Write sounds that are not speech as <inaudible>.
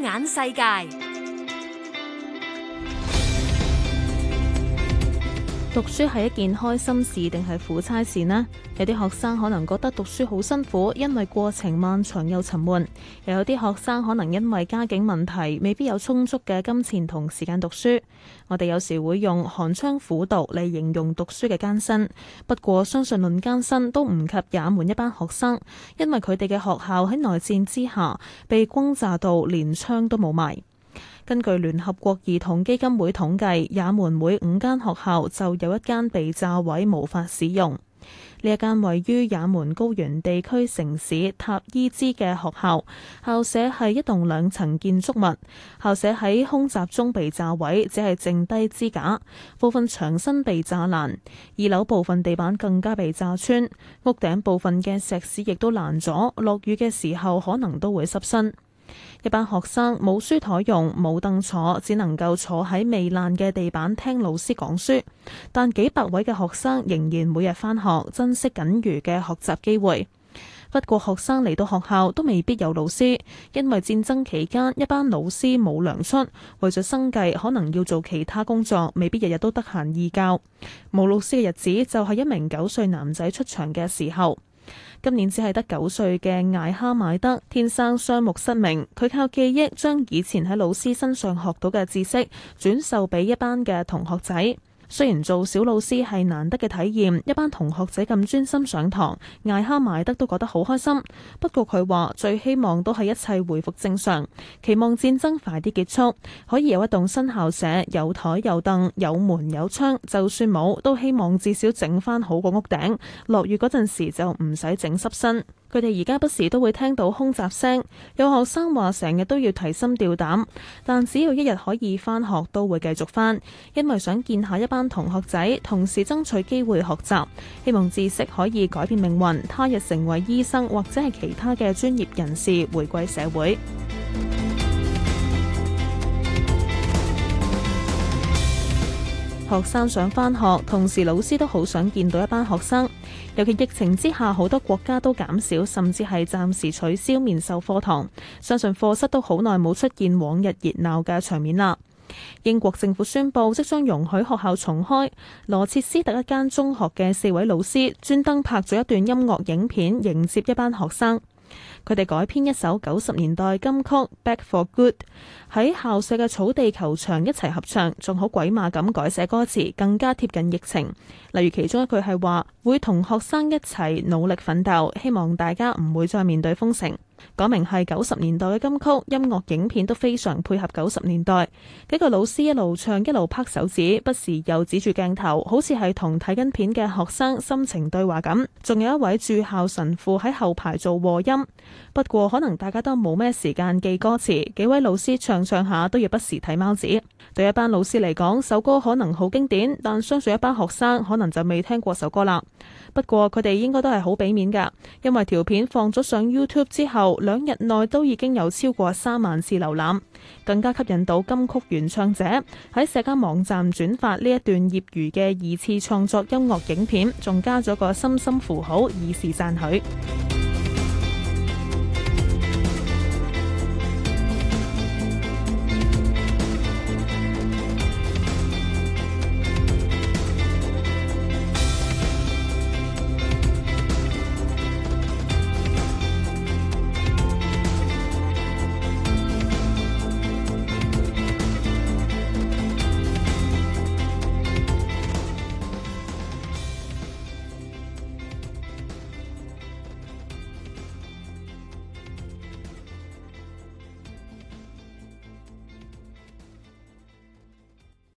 眼世界。讀書係一件開心事定係苦差事呢？有啲學生可能覺得讀書好辛苦，因為過程漫長又沉悶；又有啲學生可能因為家境問題，未必有充足嘅金錢同時間讀書。我哋有時會用寒窗苦讀嚟形容讀書嘅艱辛。不過相信論艱辛都唔及也門一班學生，因為佢哋嘅學校喺內戰之下，被轟炸到連窗都冇埋。根據聯合國兒童基金會統計，也門每五間學校就有一間被炸毀無法使用。呢一間位於也門高原地區城市塔伊茲嘅學校，校舍係一棟兩層建築物，校舍喺空襲中被炸毀，只係剩低支架，部分牆身被炸爛，二樓部分地板更加被炸穿，屋頂部分嘅石屎亦都爛咗，落雨嘅時候可能都會濕身。一班學生冇書枱用，冇凳坐，只能夠坐喺未爛嘅地板聽老師講書。但幾百位嘅學生仍然每日返學，珍惜僅餘嘅學習機會。不過學生嚟到學校都未必有老師，因為戰爭期間一班老師冇糧出，為咗生計可能要做其他工作，未必日日都得閒義教。冇老師嘅日子就係一名九歲男仔出場嘅時候。今年只係得九歲嘅艾哈邁德天生雙目失明，佢靠記憶將以前喺老師身上學到嘅知識轉授俾一班嘅同學仔。雖然做小老師係難得嘅體驗，一班同學仔咁專心上堂，艾哈邁德都覺得好開心。不過佢話最希望都係一切回復正常，期望戰爭快啲結束，可以有一棟新校舍，有台有凳，有門有窗，就算冇都希望至少整翻好個屋頂。落雨嗰陣時就唔使整濕身。佢哋而家不時都會聽到空襲聲，有學生話成日都要提心吊膽，但只要一日可以返學，都會繼續返。因為想見下一班同學仔，同時爭取機會學習，希望知識可以改變命運，他日成為醫生或者係其他嘅專業人士，回歸社會。 <music> 學生想返學，同時老師都好想見到一班學生。尤其疫情之下，好多國家都減少，甚至係暫時取消面授課堂。相信課室都好耐冇出現往日熱鬧嘅場面啦。英國政府宣布即將容許學校重開，羅切斯特一間中學嘅四位老師專登拍咗一段音樂影片迎接一班學生。佢哋改編一首九十年代金曲《Back for Good》，喺校舍嘅草地球場一齊合唱，仲好鬼馬咁改寫歌詞，更加貼近疫情。例如其中一句係話。會同學生一齊努力奮鬥，希望大家唔會再面對封城。講明係九十年代嘅金曲，音樂影片都非常配合九十年代。幾個老師一路唱一路拍手指，不時又指住鏡頭，好似係同睇緊片嘅學生深情對話咁。仲有一位駐校神父喺後排做和音。不過可能大家都冇咩時間記歌詞，幾位老師唱唱下都要不時睇貓紙。對一班老師嚟講，首歌可能好經典，但相信一班學生可能就未聽過首歌啦。不過佢哋應該都係好俾面噶，因為條片放咗上 YouTube 之後，兩日內都已經有超過三萬次瀏覽，更加吸引到金曲原唱者喺社交網站轉發呢一段業餘嘅二次創作音樂影片，仲加咗個心心符號以示讚許。